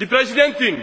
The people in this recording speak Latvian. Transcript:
Die Präsidentin!